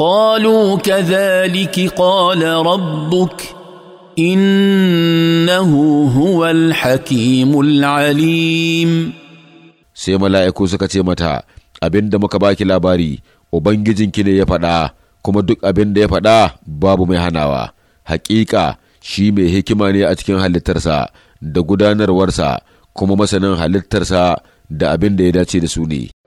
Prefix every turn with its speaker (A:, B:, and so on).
A: قالوا كذلك قال ربك
B: انه هو الحكيم alim. sai mala'iku suka ce mata abinda da muka baki labari ki ne ya faɗa kuma duk abin da ya faɗa babu mai hanawa haƙiƙa shi mai hikima ne a cikin halittarsa da gudanarwarsa kuma masanin halittarsa
C: da abin da ya dace da su ne